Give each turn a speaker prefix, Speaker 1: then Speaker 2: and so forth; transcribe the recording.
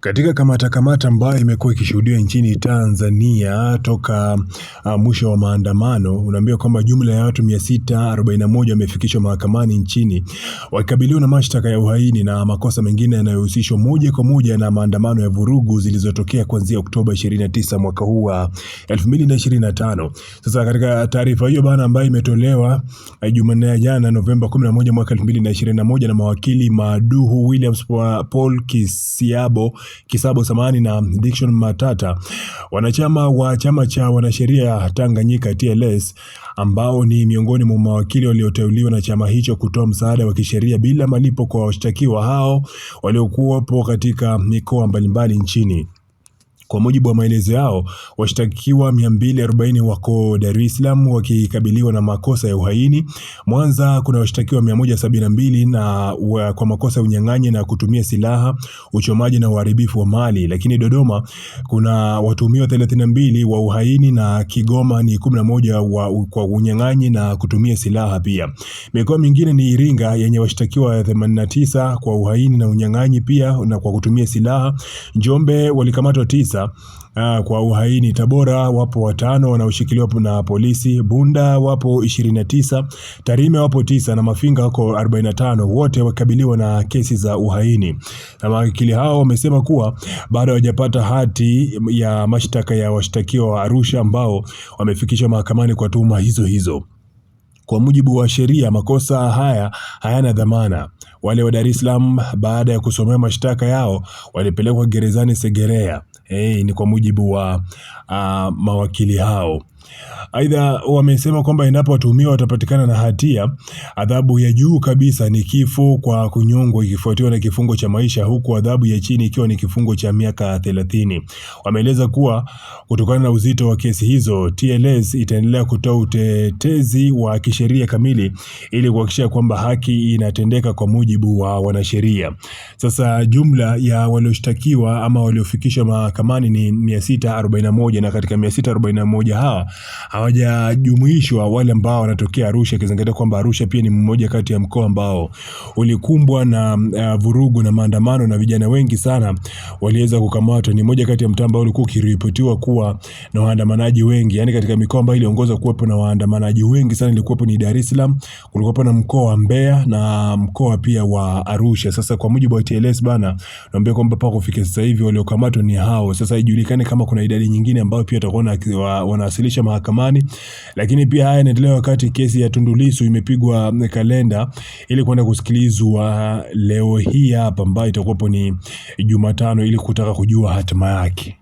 Speaker 1: Katika kamatakamata ambayo imekuwa ikishuhudiwa nchini Tanzania toka uh, mwisho wa maandamano, unaambiwa kwamba jumla ya watu 641 wamefikishwa mahakamani nchini wakikabiliwa na mashtaka ya uhaini na makosa mengine yanayohusishwa moja kwa moja na maandamano ya vurugu zilizotokea kuanzia Oktoba 29 mwaka huu wa 2025. Sasa katika taarifa hiyo bana, ambayo imetolewa ah, Jumanne ya jana Novemba 11 mwaka 2021 na mawakili maduhu Williams Paul Kisiabo Kisabo Samani na Dickson Matata, wanachama wa chama cha wanasheria Tanganyika TLS, ambao ni miongoni mwa mawakili walioteuliwa na chama hicho kutoa msaada wa kisheria bila malipo kwa washtakiwa hao waliokuwapo katika mikoa mbalimbali nchini. Kwa mujibu wa maelezo yao, washtakiwa 240 wako Dar es Salaam wakikabiliwa na makosa ya uhaini. Mwanza kuna washtakiwa 172 na wa, kwa makosa ya unyang'anyi na kutumia silaha, uchomaji na uharibifu wa mali, lakini Dodoma kuna watuhumiwa 32 wa uhaini na Kigoma ni 11 wa, kwa unyang'anyi na kutumia silaha pia. Mikoa mingine ni Iringa yenye washtakiwa 89 kwa uhaini na unyang'anyi pia na kwa kutumia silaha. Njombe walikamatwa tisa sasa aa, ah, kwa uhaini. Tabora wapo watano wanaoshikiliwa na polisi, Bunda wapo 29, Tarime wapo tisa na Mafinga wako 45, wote wakabiliwa na kesi za uhaini. Na mawakili hao wamesema kuwa bado hawajapata hati ya mashtaka ya washtakiwa wa Arusha ambao wamefikishwa mahakamani kwa tuhuma hizo hizo. Kwa mujibu wa sheria, makosa haya hayana dhamana. Wale wa Dar es Salaam baada ya kusomea mashtaka yao walipelekwa gerezani Segerea. Hey, ni kwa mujibu wa uh, mawakili hao. Aidha, wamesema kwamba endapo watuhumiwa watapatikana na hatia, adhabu ya juu kabisa ni kifo kwa kunyongwa ikifuatiwa na kifungo cha maisha, huku adhabu ya chini ikiwa ni kifungo cha miaka 30. Wameeleza kuwa kutokana na uzito wa kesi hizo, TLS itaendelea kutoa utetezi wa kisheria kamili ili kuhakikisha kwamba haki inatendeka kwa mujibu wa wanasheria. Sasa jumla ya walioshtakiwa ama waliofikishwa mahakamani ni 641 na katika 641 hawa hawajajumuishwa wale ambao wanatokea Arusha, ikizingatia kwamba Arusha pia ni mmoja kati ya mkoa ambao ulikumbwa na uh, vurugu na maandamano na vijana wengi sana waliweza kukamatwa. Ni mmoja kati ya mtaa ambao ulikuwa ukiripotiwa kuwa na waandamanaji wengi, yani katika mikoa ambayo iliongoza kuwepo na waandamanaji wengi sana ilikuwepo ni Dar es Salaam, kulikuwepo na mkoa wa Mbeya na mkoa pia wa Arusha. Sasa kwa mujibu wa TLS bana, naambia kwamba mpaka kufikia sasa hivi waliokamatwa ni hao. Sasa ijulikane kama kuna idadi nyingine ambayo pia watakuwa wanawasilisha kuwasilisha mahakamani. Lakini pia haya yanaendelea wakati kesi ya Tundu Lissu imepigwa mm, kalenda ili kwenda kusikilizwa leo hii hapa, ambayo itakuwapo ni Jumatano, ili kutaka kujua hatima yake.